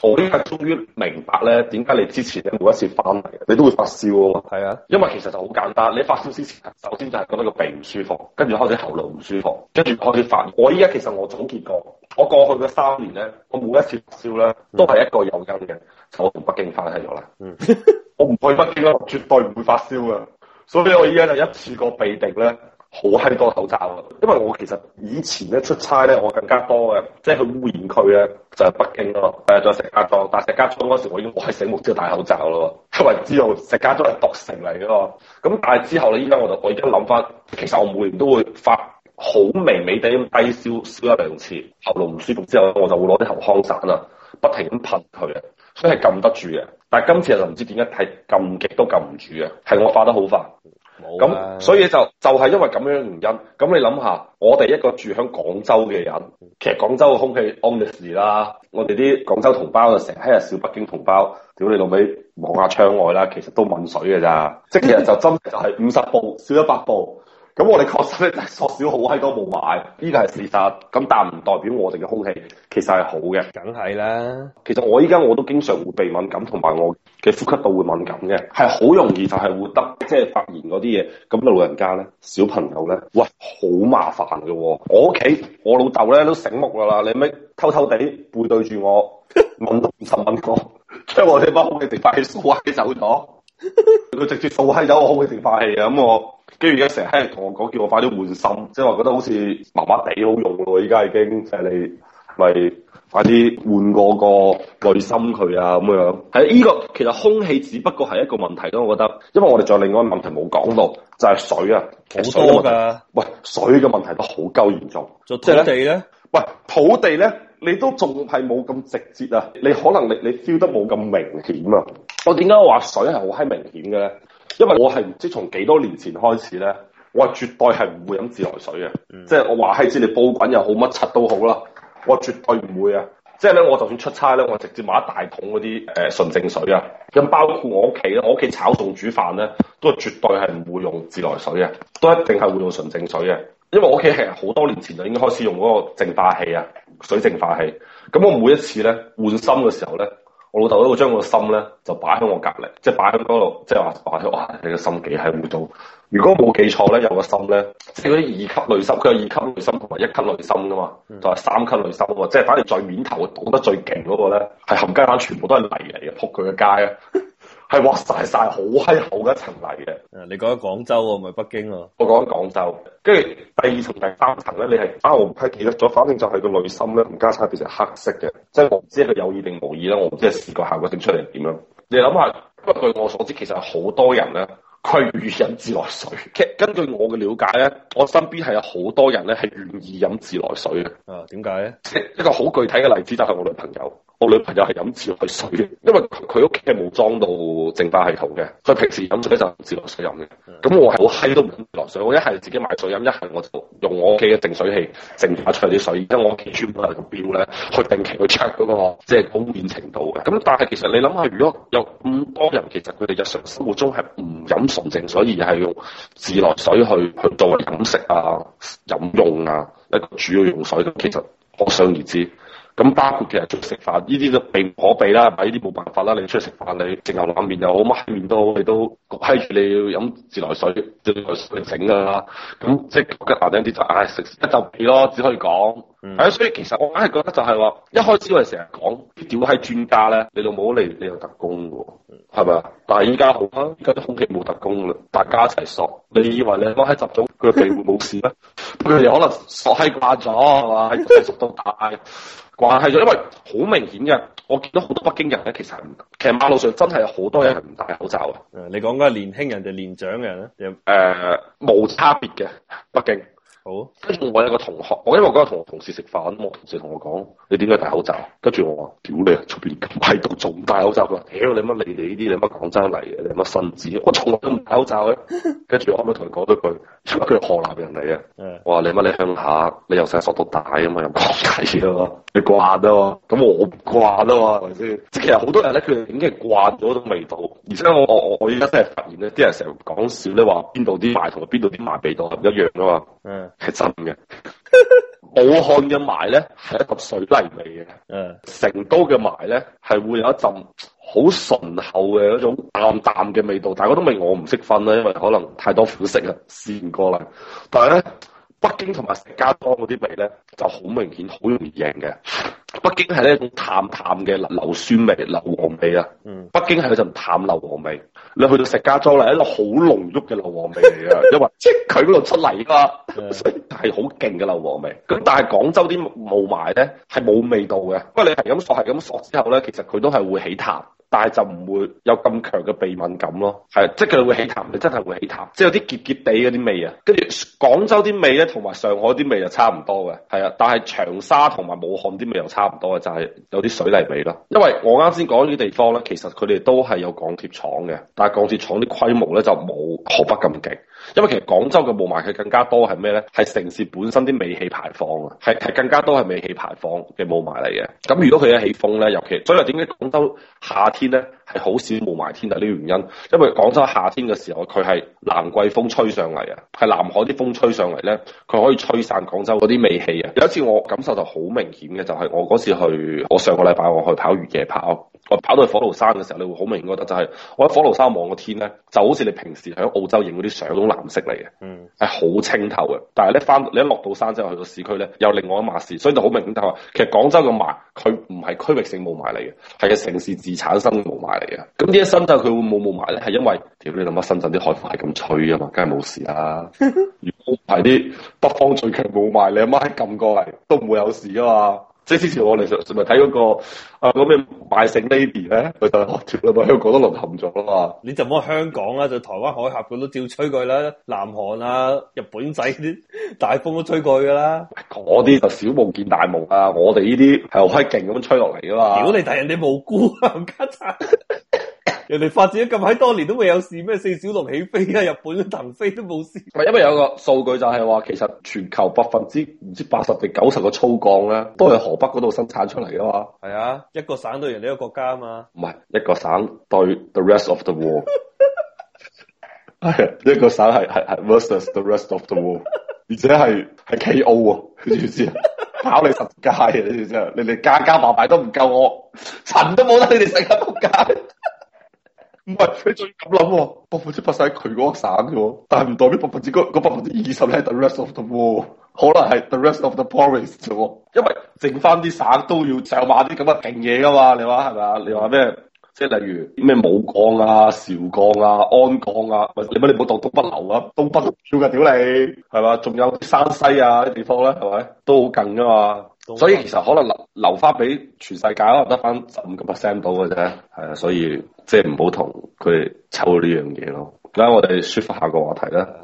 我依家終於明白咧，點解你之前咧每一次翻嚟，你都會發燒啊嘛。係啊，因為其實就好簡單，你發燒之前，首先就係覺得個鼻唔舒服，跟住開始喉嚨唔舒服，跟住開始煩。我依家其實我總結過，我過去嘅三年咧，我每一次發燒咧，都係一個誘因嘅。我同北京翻嚟咗啦，我唔去北京啦，絕對唔會發燒嘅。所以我依家、嗯、 就一次過鼻滴咧。好閪多口罩，啊！因為我其實以前咧出差咧，我更加多嘅，即係去污染區咧，就係、是、北京咯，誒、呃，再石家莊。但係石家莊嗰時，我已經我係醒目，都要戴口罩咯，因為知道石家莊係毒城嚟嘅嘛。咁但係之後咧，依家我就我而家諗翻，其實我每年都會發好微微地咁低燒，燒一兩次，喉嚨唔舒服之後，我就會攞啲喉康散啊，不停咁噴佢，啊。所以係撳得住嘅。但係今次就唔知點解係撳極都撳唔住嘅，係我化得好快。咁、啊、所以就就係、是、因為咁樣嘅原因，咁你諗下，我哋一個住響廣州嘅人，其實廣州嘅空氣 on 氣安逸事啦， Honestly, 我哋啲廣州同胞就成日笑北京同胞，屌你老味望下窗外啦，其實都問水嘅咋，即其實就真係五十步笑一百步。 咁我哋確實咧就係縮少好閪多霧霾，呢個係事實。咁但唔代表我哋嘅空氣其實係好嘅。梗係啦。其實我依家我都經常會鼻敏感，同埋我嘅呼吸道會敏感嘅，係好容易就係會得即係、就是、發炎嗰啲嘢。咁老人家咧，小朋友咧，喂，好麻煩嘅、哦。我屋企我老豆咧都醒目㗎喇，你咪偷偷地背對住我問五十問我，將我哋把空氣淨化器掃閪走咗，佢 直接掃閪走我空氣淨化器啊！咁我。跟住而家成日喺度同我講，叫我快啲換芯，即係話，覺得好似麻麻地好用咯。依家已經即係、就是、你咪、就是、快啲換過個濾芯佢啊咁樣。係、這、呢個其實空氣只不過係一個問題咯，我覺得，因為我哋仲有另外一個問題冇講到，就係、是、水啊，好多噶。喂，水嘅問題都好夠嚴重。即土地咧？喂，土地咧，你都仲係冇咁直接啊！你可能你你 feel 得冇咁明顯啊！我點解我話水係好閪明顯嘅咧？因為我係唔知從幾多年前開始咧，我係絕對係唔會飲自來水嘅，即係我話閪知你煲滾又好，乜柒都好啦，我絕對唔會啊、嗯！即係咧，我就算出差咧，我直接買一大桶嗰啲誒純淨水啊。咁包括我屋企咧，我屋企炒餸煮飯咧，都係絕對係唔會用自來水嘅，都一定係會用純淨水嘅。因為我屋企係好多年前就應該開始用嗰個淨化器啊，水淨化器。咁我每一次咧換芯嘅時候咧。我老豆都會將個心咧，就擺喺我隔籬，即係擺喺嗰度，即係話擺喺哇，你個心幾係污糟。如果冇記錯咧，有個心咧，即係嗰啲二級濾芯，佢有二級濾芯同埋一級濾芯噶嘛，就係、是、三級濾芯喎，即係反正最面頭擋得最勁嗰個咧，係冚唪唥全部都係泥嚟嘅，仆佢個街啊！ 係挖晒晒好閪厚嘅一層泥嘅。誒，你講緊廣州喎、啊，唔係北京喎、啊？我講緊廣州，跟住第二層、第三層咧，你係、啊、我唔記得咗？咁反正就係個內心咧，唔加彩變成黑色嘅。即係我唔知係個有意定無意啦，我唔知係視覺效果整出嚟點樣。你諗下，不過據我所知，其實好多人咧，佢願意飲自來水。根據我嘅了解咧，我身邊係有好多人咧係願意飲自來水嘅。誒、啊，點解咧？即一個好具體嘅例子，就係我女朋友。我女朋友係飲自來水，因為佢屋企係冇裝到淨化系統嘅，所以平時飲水就自來水飲嘅。咁我係好閪都唔飲自來水，我一係自己買水飲，一係我就用我屋企嘅淨水器淨化出嚟啲水，因為我屋企專門有個表咧，去定期去測嗰、那個即係污染程度嘅。咁但係其實你諗下，如果有咁多人，其實佢哋日常生活中係唔飲純淨水，而係用自來水去去作為飲食啊、飲用啊一個主要用水。其實可想而知。咁包括其實出去食飯，依啲都避無可避啦，買依啲冇辦法啦。你出去食飯，你食牛腩麵又好，乜閪麵都你都焗住，你要飲自來水，自來水整噶啦。咁、嗯、即係一牙頂啲就，唉、哎，食食一就肥咯，只可以講。係，嗯、所以其實我硬係覺得就係話，一開始我哋成日講屌閪專家咧，你老母嚟，你有特工噶，係咪啊？但係依家好啦，依家啲空氣冇特工啦，大家一齊索。你以為你阿喺集中佢鼻會冇事咧？佢哋 可能索閪掛咗，係嘛？喺集中到大掛係咗，因為好明顯嘅，我見到好多北京人咧，其實其實馬路上真係好多人係唔戴口罩啊、嗯。你講緊年輕人定年長嘅人咧？誒、呃，冇差別嘅，北京。好，跟住我有一個同學，我因為嗰日同同事食飯，我同事同我講：你點解戴口罩？跟住我話：屌你啊，出邊咁喺度仲戴口罩㗎？佢話：屌你乜你哋呢啲你乜講真嚟嘅？你乜身子？我從來都唔戴口罩嘅。 跟住我可唔可以同佢講咗句。佢係河南人嚟嘅，我的話你乜你鄉下，你由細索到大咁嘛，又慣嘅喎，你慣啊，咁我唔慣得，係咪先？即係其實好多人咧，佢哋已經慣咗種味道。而且我我我我而家真係發現咧，啲人成日講笑咧話，邊度啲霾同邊度啲霾味道係唔一樣噶嘛，嗯的，係真嘅。 武漢嘅霾咧係一粒水泥味嘅，嗯，成都嘅霾咧係會有一陣。好醇厚嘅嗰種淡淡嘅味道，但係我都未我唔識分啦，因為可能太多款式啊，試唔過嚟。但係咧，北京同埋石家莊嗰啲味咧就好明顯，好容易認嘅。北京係呢一種淡淡嘅硫酸味、硫磺味啊。嗯。北京係嗰陣淡硫磺味，你去到石家莊咧，係一個好濃郁嘅硫磺味嚟啊， 因為即係佢嗰度出嚟啊，係好勁嘅硫磺味。咁但係廣州啲霧霾咧係冇味道嘅，不過你係咁索係咁索之後咧，其實佢都係會起痰。但係就唔會有咁強嘅鼻敏感咯，係即係佢哋會起痰，你真係會起痰，即係有啲澀澀地嗰啲味啊。跟住廣州啲味咧，同埋上海啲味就差唔多嘅，係啊。但係長沙同埋武漢啲味又差唔多嘅，就係有啲水泥味咯。因為我啱先講呢啲地方咧，其實佢哋都係有鋼鐵廠嘅，但係鋼鐵廠啲規模咧就冇河北咁勁。因為其實廣州嘅霧霾佢更加多係咩咧？係城市本身啲尾氣排放啊，係係更加多係尾氣排放嘅霧霾嚟嘅。咁如果佢一起風咧，尤其所以點解廣州夏天咧係好少霧霾天，就呢個原因，因為廣州夏天嘅時候，佢係南季風吹上嚟啊，係南海啲風吹上嚟咧，佢可以吹散廣州嗰啲尾氣啊。有一次我感受就好明顯嘅，就係、是、我嗰次去，我上個禮拜我去跑越野跑，我跑到去火爐山嘅時候，你會好明顯覺得，就係我喺火爐山望個天咧，就好似你平時喺澳洲影嗰啲相嗰種藍色嚟嘅，係好、嗯、清透嘅。但係咧翻你一落到山之後去個市區咧，有另外一碼事，所以就好明顯得啊。其實廣州嘅霾。佢唔係區域性霧霾嚟嘅，係個城市自產生嘅霧霾嚟嘅。咁呢一深圳佢會冇霧霾咧，係因為，屌你諗下，深圳啲海風係咁吹啊嘛，梗係冇事啦。 如果唔係啲北方最強霧霾，你阿媽撳過嚟都唔會有事啊嘛。即係之前我哋上咪睇嗰個啊，嗰咩拜聖 lady 咧，佢就喺我跳落去香港都淪陷咗啦嘛。你就唔好香港啦，就台灣海峽佢都照吹佢啦，南韓啊、日本仔啲大風都吹過佢噶啦。嗰啲就小霧見大霧啊！我哋呢啲係好閪勁咁吹落嚟噶嘛。如果你但人你無辜啊，冚家鏟。人哋發展咗咁閪多年都未有事咩？四小龍起飛啊，日本騰飛都冇事。係，因為有個數據就係話，其實全球百分之唔知八十定九十嘅粗鋼咧，都係河北嗰度生產出嚟㗎嘛。係啊，一個省對人哋一個國家啊嘛。唔係一個省對 the rest of the world，係 一個省係係係 versus the rest of the world， 而且係係 K O 啊！你知唔知？ 跑你十街啊！你知唔知啊？你哋加加埋埋都唔夠我，塵都冇得你哋食嘅扑街。唔係，你仲要咁諗喎？百分之八十喺佢嗰省嘅，但係唔代表百分之嗰嗰百分之二十咧，the rest of the world。可能係 the rest of the poorest 喎，因為剩翻啲省都要就話啲咁嘅勁嘢噶嘛，你話係咪啊？你話咩？即係例如咩武鋼啊、韶鋼啊、鞍鋼啊，你乜你冇當東北流啊？東北叫緊屌你係咪？仲有山西啊啲地方咧係咪都好近噶嘛？所以其實可能留留翻俾全世界只有，可能得翻十五個 percent 到嘅啫。係啊，所以即係唔好同佢哋抽呢樣嘢咯。咁我哋說服下個話題啦。